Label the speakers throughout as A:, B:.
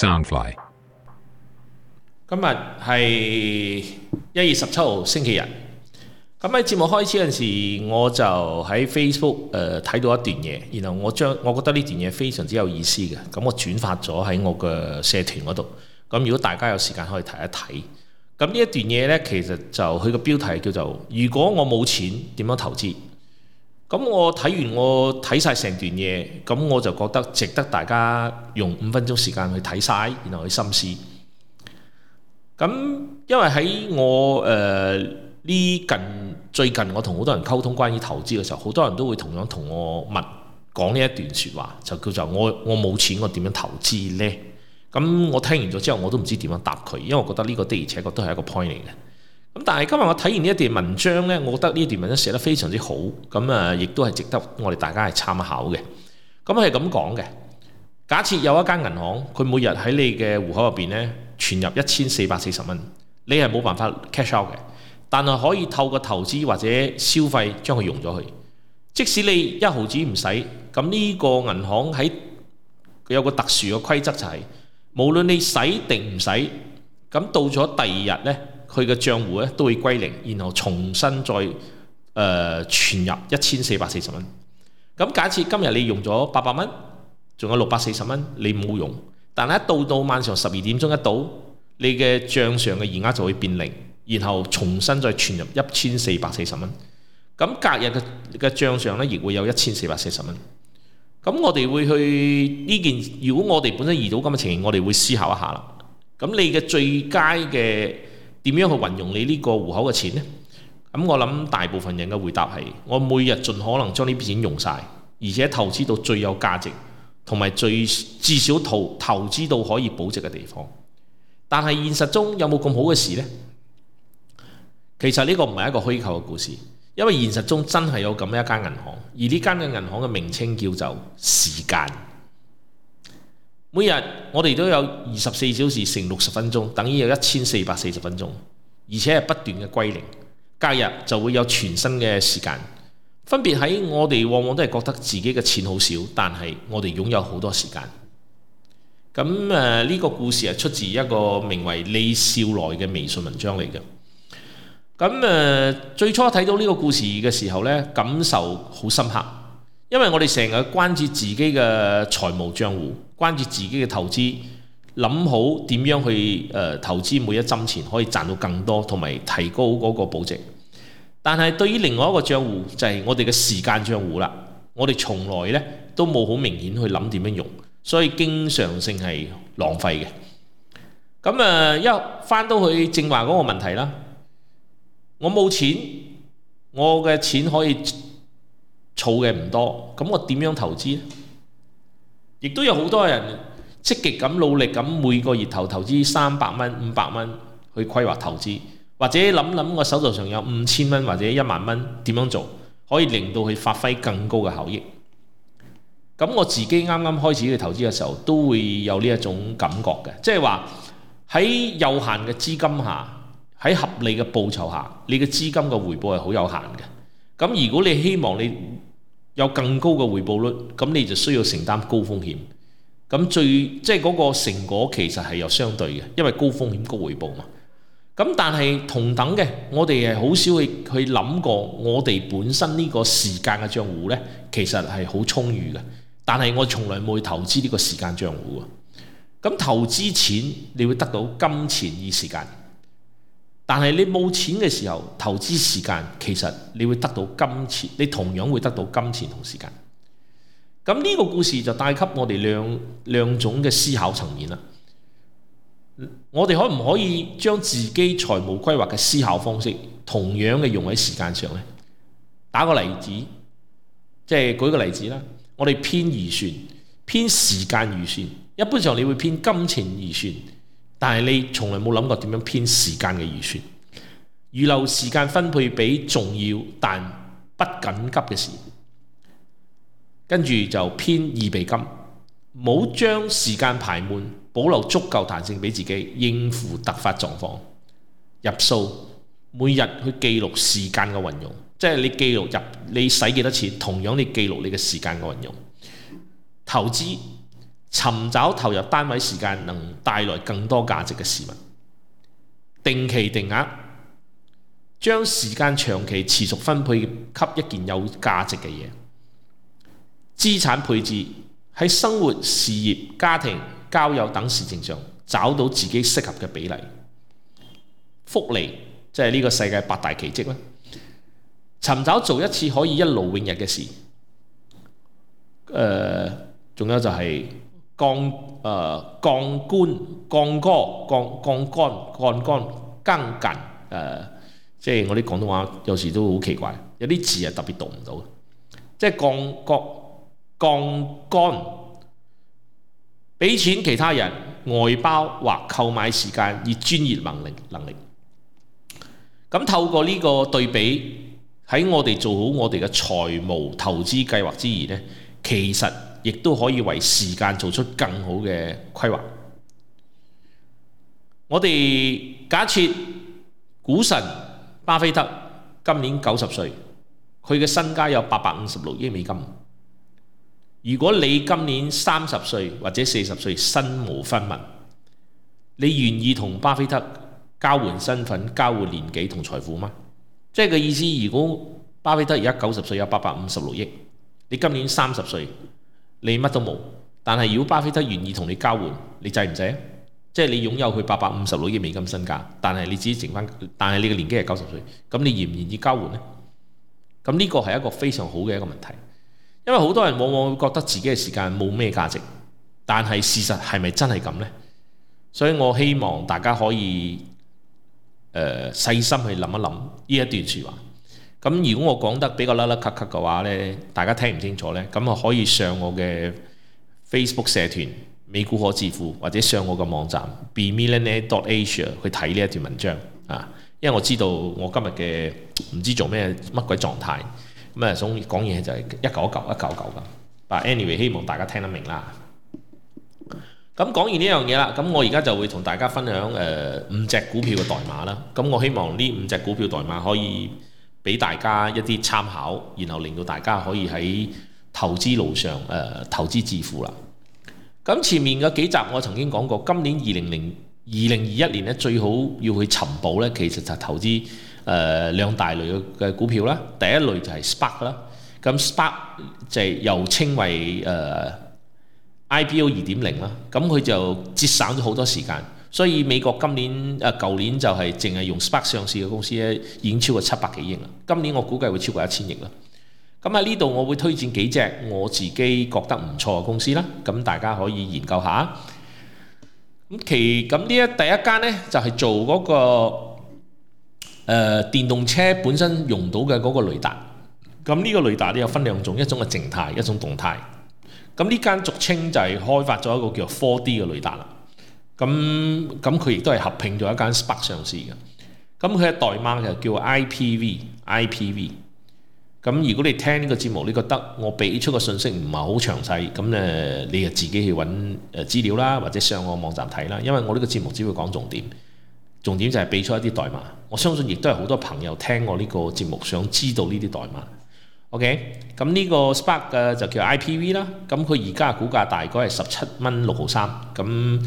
A: Soundfly，今日係一月十七號星期日。咁喺節目開始嗰陣時，我就喺 Facebook 誒、呃、睇到一段嘢，然後我將我覺得呢段嘢非常之有意思嘅，咁我轉發咗喺我個社團嗰度。咁如果大家有時間可以睇一睇。咁呢一段嘢呢，其實就佢個標題叫做如果我冇錢，點樣投資？咁我睇完我睇晒成段嘢，咁我就覺得值得大家用五分鐘時間去睇晒，然後去深思。咁因為喺我誒呢近最近，最近我同好多人溝通關於投資嘅時候，好多人都會同樣同我問講呢一段説話，就叫做我我冇錢，我點樣投資呢？咁我聽完咗之後，我都唔知點樣答佢，因為我覺得呢個的而且確都係一個 point 嚟嘅。咁但係今日我睇完呢一段文章呢，我覺得呢段文章寫得非常之好，咁啊，亦都係值得我哋大家係參考嘅。咁係咁講嘅，假設有一間銀行，佢每日喺你嘅戶口入邊呢，存入一千四百四十蚊，你係冇辦法 cash out 嘅，但係可以透過投資或者消費將佢用咗去。即使你一毫子唔使，咁呢個銀行喺佢有個特殊嘅規則就係，無論你使定唔使，咁到咗第二日呢。佢嘅賬戶咧，都會歸零，然後重新再誒存、呃、入一千四百四十蚊。咁假設今日你用咗八百蚊，仲有六百四十蚊，你冇用，但係一到到晚上十二點鐘一到，你嘅賬上嘅餘額就會變零，然後重新再存入一千四百四十蚊。咁隔日嘅嘅賬上咧亦會有一千四百四十蚊。咁我哋會去呢件，如果我哋本身遇到咁嘅情形，我哋會思考一下啦。咁你嘅最佳嘅。點樣去運用你呢個戶口嘅錢呢？咁我諗大部分人嘅回答係我每日盡可能將呢筆錢用晒，而且投資到最有價值同埋最至少投投資到可以保值嘅地方。但係現實中有冇咁好嘅事呢？其實呢個唔係一個虛構嘅故事，因為現實中真係有咁樣一間銀行，而呢間嘅銀行嘅名稱叫做時間。每日我哋都有二十四小時乘六十分鐘，等於有一千四百四十分鐘，而且係不斷嘅歸零。隔日就會有全新嘅時間。分別喺我哋，往往都係覺得自己嘅錢好少，但係我哋擁有好多時間。咁誒，呢、呃呢個故事係出自一個名為李少來嘅微信文章嚟嘅。咁誒、呃，最初睇到呢個故事嘅時候呢，感受好深刻，因為我哋成日關注自己嘅財務賬戶。關注自己嘅投資，諗好點樣去誒、呃、投資每一針錢，可以賺到更多，同埋提高嗰個保值。但係對於另外一個賬戶，就係、是、我哋嘅時間賬戶啦，我哋從來呢都冇好明顯去諗點樣用，所以經常性係浪費嘅。咁、嗯、誒，一翻到去正話嗰個問題啦，我冇錢，我嘅錢可以儲嘅唔多，咁我點樣投資呢？亦都有好多人積極咁努力咁每個月頭投資三百蚊、五百蚊去規劃投資，或者諗諗我手頭上有五千蚊或者一萬蚊點樣做，可以令到佢發揮更高嘅效益。咁我自己啱啱開始去投資嘅時候，都會有呢一種感覺嘅，即係話喺有限嘅資金下，喺合理嘅報酬下，你嘅資金嘅回報係好有限嘅。咁如果你希望你有更高嘅回報率，咁你就需要承擔高風險。咁最即係嗰個成果其實係有相對嘅，因為高風險高回報嘛。咁但係同等嘅，我哋係好少去去諗過我哋本身呢個時間嘅賬戶呢，其實係好充裕嘅。但係我從來冇去投資呢個時間賬戶啊。咁投資錢你會得到金錢與時間。但係你冇錢嘅時候，投資時間其實你會得到金錢，你同樣會得到金錢同時間。咁呢個故事就帶給我哋兩兩種嘅思考層面啦。我哋可唔可以將自己財務規劃嘅思考方式，同樣嘅用喺時間上呢？打個例子，即係舉個例子啦。我哋編預算，編時間預算，一般上你會編金錢預算。但係你從來冇諗過點樣編時間嘅預算，預留時間分配俾重要但不緊急嘅事，跟住就編預備金，冇將時間排滿，保留足夠彈性俾自己應付突發狀況。入數每日去記錄時間嘅運用，即係你記錄入你使幾多錢，同樣你記錄你嘅時間嘅運用，投資。尋找投入單位時間能帶來更多價值嘅事物，定期定額將時間長期持續分配給一件有價值嘅嘢，資產配置喺生活、事業、家庭、交友等事情上，找到自己適合嘅比例，複利即係呢個世界八大奇蹟啦。尋找做一次可以一勞永逸嘅事，誒、呃，仲有就係、是。槓誒，槓桿槓桿，槓槓桿，槓桿更近誒，即係我啲廣東話有時都好奇怪，有啲字係特別讀唔到。即係槓桿，槓桿，俾錢其他人外包或購買時間，以專業能力能力。咁透過呢個對比，喺我哋做好我哋嘅財務投資計劃之餘呢，其實。亦都可以為時間做出更好嘅規劃。我哋假設股神巴菲特今年九十歲，佢嘅身家有八百五十六億美金。如果你今年三十歲或者四十歲身無分文，你願意同巴菲特交換身份、交換年紀同財富嗎？即係個意思，如果巴菲特而家九十歲有八百五十六億，你今年三十歲。你乜都冇，但係如果巴菲特願意同你交換，你制唔制啊？即係你擁有佢八百五十六億美金身家，但係你只剩翻，但係你嘅年紀係九十歲，咁你願唔願意交換呢？咁呢個係一個非常好嘅一個問題，因為好多人往往會覺得自己嘅時間冇咩價值，但係事實係咪真係咁呢？所以我希望大家可以誒、呃、細心去諗一諗呢一段説話。咁如果我講得比較甩甩咳咳嘅話呢，大家聽唔清楚呢？咁啊可以上我嘅 Facebook 社團美股可致富，或者上我嘅網站 be millionaire dot asia 去睇呢一段文章啊。因為我知道我今日嘅唔知做咩乜鬼狀態咁啊，想講嘢就係一嚿一嚿一嚿嚿咁。但 anyway，希望大家聽得明啦。咁講完呢樣嘢啦，咁我而家就會同大家分享誒五隻股票嘅代碼啦。咁我希望呢五隻股票代碼可以，俾大家一啲參考，然後令到大家可以喺投資路上誒、呃、投資致富啦。咁前面嘅幾集我曾經講過，今年二零零二零二一年咧，最好要去尋寶咧，其實就投資誒兩大類嘅股票啦。第一類就係 SPAC 啦，咁 SPAC 就係又稱為誒 IPO 二點零啦，咁、呃、佢就節省咗好多時間。所以美國今年誒舊年就係淨係用 SPAC 上市嘅公司咧，已經超過七百幾億啦。今年我估計會超過一千億啦。咁喺呢度我會推薦幾隻我自己覺得唔錯嘅公司啦。咁大家可以研究下。咁其咁呢一第一間呢，就係、是、做嗰、那個誒、呃、電動車本身用到嘅嗰個雷達。咁呢個雷達咧有分兩種，一種係靜態，一種動態。咁呢間俗稱就係開發咗一個叫 4D 嘅雷達啦。咁咁佢亦都係合併咗一間 SPAC 上市嘅，咁佢嘅代碼就叫 IPV IPV。咁如果你聽呢個節目，你覺得我俾出嘅信息唔係好詳細，咁你又自己去揾資料啦，或者上個網站睇啦。因為我呢個節目只會講重點，重點就係俾出一啲代碼。我相信亦都係好多朋友聽我呢個節目，想知道呢啲代碼。OK，咁呢個 SPAC 嘅就叫 IPV 啦。咁佢而家股價大概係十七蚊六毫三，咁。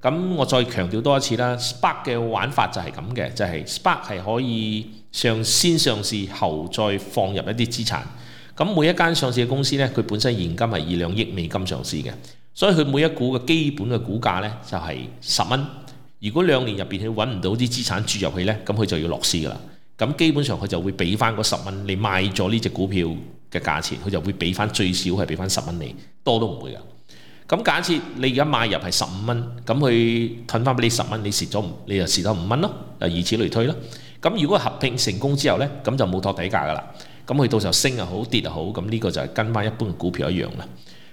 A: 咁我再強調多一次啦，SPAC 嘅玩法就係咁嘅，就係、是、SPAC 係可以上先上市，後再放入一啲資產。咁每一間上市嘅公司呢，佢本身現金係以兩億美金上市嘅，所以佢每一股嘅基本嘅股價呢就係十蚊。如果兩年入面佢揾唔到啲資產注入去呢，咁佢就要落市噶啦。咁基本上佢就會俾翻嗰十蚊，你賣咗呢隻股票嘅價錢，佢就會俾翻最少係俾翻十蚊你，多都唔會噶。咁假設你而家買入係十五蚊，咁佢退翻俾你十蚊，你蝕咗，你就蝕咗五蚊咯，啊，以此類推咯。咁如果合併成功之後咧，咁就冇托底價噶啦。咁佢到時候升又好，跌又好，咁呢個就係跟翻一般股票一樣啦。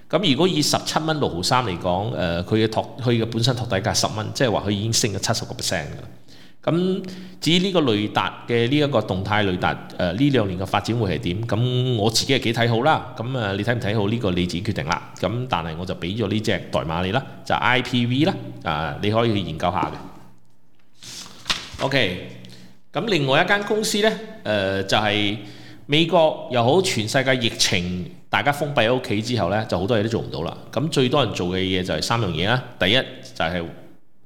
A: 咁如果以十七蚊六毫三嚟講，誒佢嘅托，佢嘅本身托底價十蚊，即係話佢已經升咗七十個 percent 㗎喇。咁至於呢個雷達嘅呢一個動態雷達，呃，呢兩年嘅發展會係點？咁我自己係幾睇好啦。咁呃，你睇唔睇好呢個？你自己決定啦。咁但係我就俾咗呢隻代碼你啦，就 I P V 啦。啊，你可以去研究下嘅。OK。咁另外一間公司呢，呃，就係美國又好，全世界疫情大家封閉喺屋企之後呢，就好多嘢都做唔到啦。咁最多人做嘅嘢就係三樣嘢啦。第一就係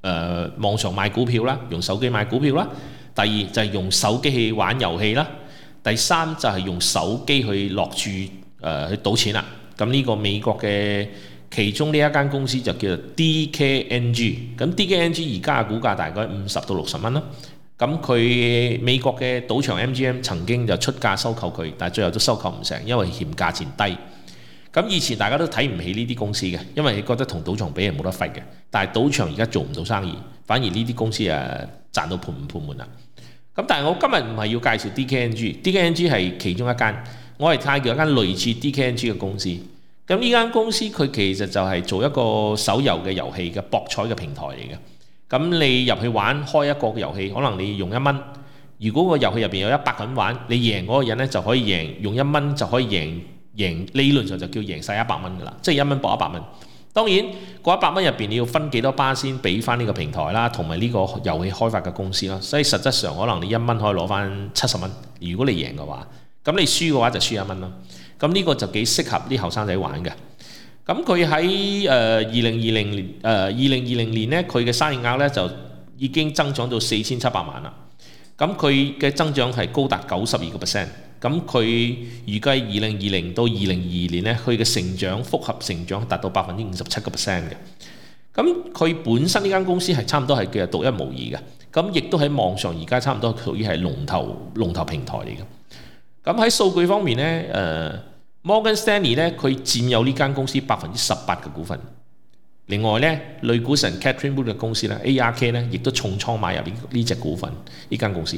A: 誒、呃、網上買股票啦，用手機買股票啦。第二就係用，用手機去玩遊戲啦。第三就係用手機去落注誒去賭錢啦。咁呢個美國嘅其中呢一間公司就叫做 DKNG。咁 DKNG 而家嘅股價大概五十到六十蚊啦。咁佢美國嘅賭場 MGM 曾經就出價收購佢，但係最後都收購唔成，因為嫌價錢低。咁以前大家都睇唔起呢啲公司嘅，因為你覺得同賭場比係冇得揮嘅。但係賭場而家做唔到生意，反而呢啲公司啊賺到盆滿缽滿啦。咁但係我今日唔係要介紹 DKNG，DKNG 係 DKNG 其中一間，我係太叫一間類似 DKNG 嘅公司。咁呢間公司佢其實就係做一個手遊嘅遊戲嘅博彩嘅平台嚟嘅。咁你入去玩開一個遊戲，可能你用一蚊。如果個遊戲入面有一百肯玩，你贏嗰個人咧就可以贏，用一蚊就可以贏。贏理論上就叫贏晒一百蚊㗎啦，即係一蚊搏一百蚊。當然，嗰一百蚊入邊你要分幾多巴先俾翻呢個平台啦，同埋呢個遊戲開發嘅公司啦。所以實質上可能你一蚊可以攞翻七十蚊，如果你贏嘅話，咁你輸嘅話就輸一蚊咯。咁呢個就幾適合啲後生仔玩嘅。咁佢喺誒二零二零年誒二零二零年咧，佢嘅生意額咧就已經增長到四千七百萬啦。咁佢嘅增長係高達九十二個 percent。咁佢預計二零二零到二零二二年咧，佢嘅成長複合成長達到百分之五十七個 percent 嘅。咁佢本身呢間公司係差唔多係叫獨一無二嘅。咁亦都喺網上而家差唔多屬於係龍頭龍頭平台嚟嘅。咁喺數據方面咧，誒、呃、Morgan Stanley 咧，佢佔有呢間公司百分之十八嘅股份。另外咧，類股神 Catherine 嘅公司咧，ARK 咧，亦都重倉買入呢呢隻股份呢間公司。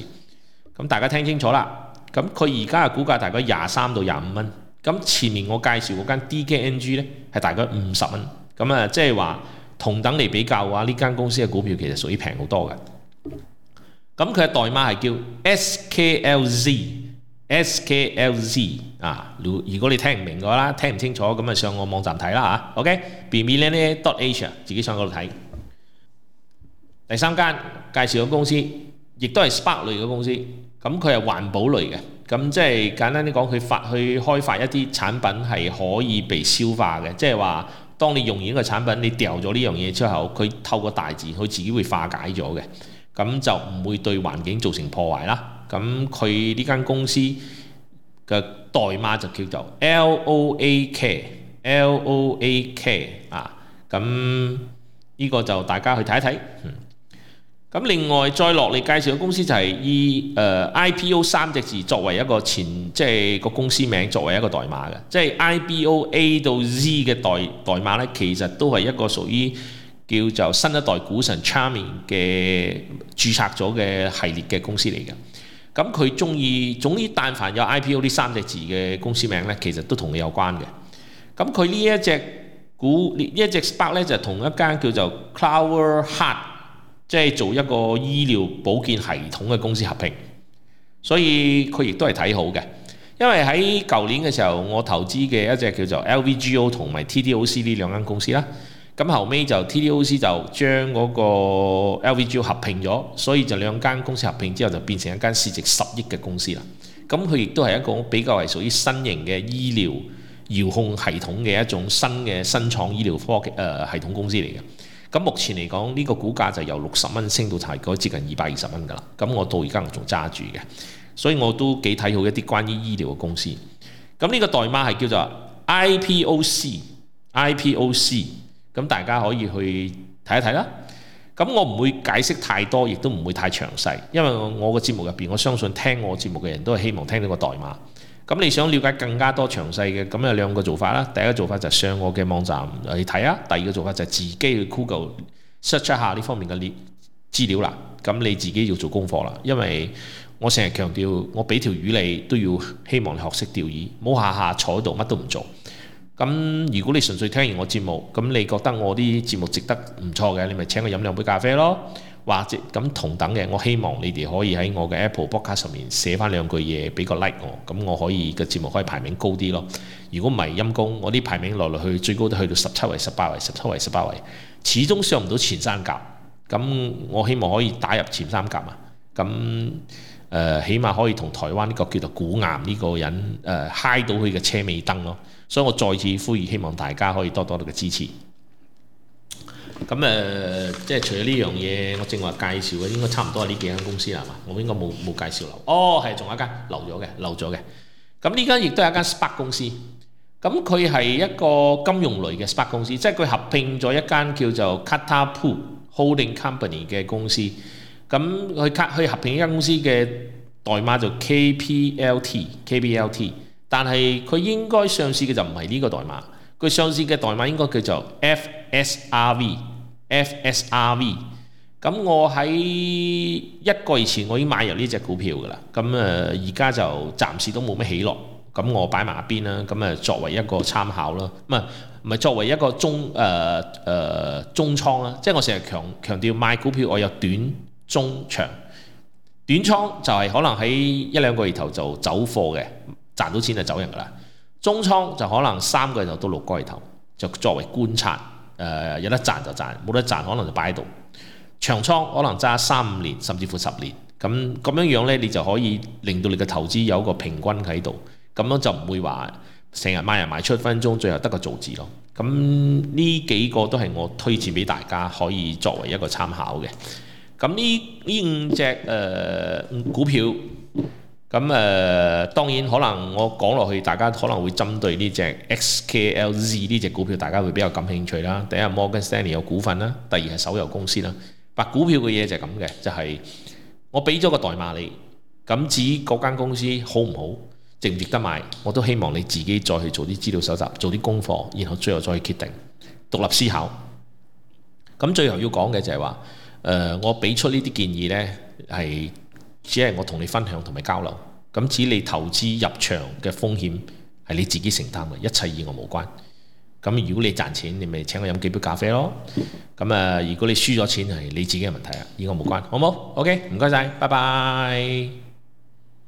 A: 咁大家聽清楚啦。咁佢而家嘅股價大概廿三到廿五蚊，咁前面我介紹嗰間 DKNG 咧係大概五十蚊，咁啊即係話同等嚟比較嘅話，呢間公司嘅股票其實屬於平好多嘅。咁佢嘅代碼係叫 SKLZ，SKLZ SKLZ，啊，如果你聽唔明嘅話啦，聽唔清楚咁啊上我網站睇啦嚇、啊、o k、okay? billionaire dot asia 自己上嗰度睇。第三間介紹嘅公司。亦都係 SPAC 類嘅公司，咁佢係環保類嘅，咁即係簡單啲講，佢發去開發一啲產品係可以被消化嘅，即係話，當你用完一個產品，你掉咗呢樣嘢之後，佢透過大自然，佢自己會化解咗嘅，咁就唔會對環境造成破壞啦。咁佢呢間公司嘅代碼就叫做 LOAK，LOAK L-O-A-K，啊，咁呢個就大家去睇一睇，嗯。咁另外再落嚟介紹嘅公司就係以、呃、IPO 三隻字作為一個前，即係個公司名作為一個代碼嘅，即係 IBOA 到 Z 嘅代代碼呢，其實都係一個屬於叫做新一代股神 Chamath 嘅註冊咗嘅系列嘅公司嚟嘅。咁佢中意總之但凡有 IPO 呢三隻字嘅公司名呢，其實都同佢有關嘅。咁佢呢一隻股呢一隻 SPAC 呢就同一間叫做 Clover Health。即係做一個醫療保健系統嘅公司合併，所以佢亦都係睇好嘅。因為喺舊年嘅時候，我投資嘅一隻叫做 L V G O 同埋 T D O C 呢兩間公司啦。咁後尾就 T D O C 就將嗰個 L V G O 合併咗，所以就兩間公司合併之後就變成一間市值十億嘅公司啦。咁佢亦都係一個比較係屬於新型嘅醫療遙控系統嘅一種新嘅新創醫療科技誒系統公司嚟嘅。咁目前嚟講，呢個股價就由六十蚊升到太高接近二百二十蚊㗎啦。咁我到而家仲揸住嘅，所以我都幾睇好一啲關於醫療嘅公司。咁呢個代碼係叫做 IPOC，IPOC IPOC。咁大家可以去睇一睇啦。咁我唔會解釋太多，亦都唔會太詳細，因為我個節目入邊，我相信聽我節目嘅人都係希望聽到個代碼。咁你想了解更加多詳細嘅，咁有兩個做法啦。第一個做法就上我嘅網站嚟睇啊。第二個做法就是自己去 Google search 一下呢方面嘅料資料啦。咁你自己要做功課啦，因為我成日強調，我俾條魚你都要希望你學識釣魚，唔好下下坐喺度乜都唔做。咁如果你純粹聽完我節目，咁你覺得我啲節目值得唔錯嘅，你咪請我飲兩杯咖啡咯。或者咁同等嘅，我希望你哋可以喺我嘅 Apple Podcast 上面寫翻兩句嘢，俾個 like 我，咁我可以嘅、這個、節目可以排名高啲咯。如果唔係陰公，我啲排名落落去最高都去到十七位、十八位、十七位、十八位，始終上唔到前三甲。咁我希望可以打入前三甲啊！咁誒、呃，起碼可以同台灣呢個叫做古岩呢個人誒、呃、high 到佢嘅車尾燈咯。所以我再次呼籲，希望大家可以多多嘅支持。咁誒，即係除咗呢樣嘢，我正話介紹嘅應該差唔多係呢幾間公司啦，係嘛？我應該冇冇介紹漏。哦，係仲有一間漏咗嘅，漏咗嘅。咁呢間亦都係一間 SPAC 公司，咁佢係一個金融類嘅 SPAC 公司，即係佢合併咗一間叫做 Katapult Holding Company 嘅公司。咁佢佢合併呢間公司嘅代碼就 K P L T K P L T，但係佢應該上市嘅就唔係呢個代碼，佢上市嘅代碼應該叫做 F S R V。FSRV，咁我喺一個月前我已經買入呢隻股票噶啦，咁誒而家就暫時都冇咩起落，咁我擺埋一邊啦，咁誒作為一個參考啦，唔係唔係作為一個中誒誒、呃呃、中倉啦，即係我成日強強調賣股票，我有短中長，短倉就係可能喺一兩個月頭就走貨嘅，賺到錢就走人噶啦，中倉就可能三個月頭到六個月頭就作為觀察。誒、呃、有得賺就賺，冇得賺可能就擺喺度，長倉，可能揸三五年甚至乎十年，咁咁樣樣呢，你就可以令到你嘅投資有一個平均喺度，咁樣就唔會話成日買入賣出分分鐘，最後得個做字咯。咁呢幾個都係我推薦俾大家，可以作為一個參考嘅。咁呢呢五隻、呃、股票。咁誒、呃，當然可能我講落去，大家可能會針對呢隻 XKLZ 呢隻股票，大家會比較感興趣啦。第一，摩根士丹利有股份啦；第二係手遊公司啦。但股票嘅嘢就係咁嘅，就係、是、我俾咗個代碼你。咁至於嗰間公司好唔好，值唔值得買，我都希望你自己再去做啲資料搜集，做啲功課，然後最後再去決定，獨立思考。咁最後要講嘅就係話，誒、呃，我俾出呢啲建議呢係。是只係我同你分享同埋交流，咁只你投資入場嘅風險係你自己承擔嘅，一切與我無關。咁如果你賺錢，你咪請我飲幾杯咖啡咯。咁啊，如果你輸咗錢，係你自己嘅問題啊，與我無關，好唔好？OK，唔該晒，拜拜。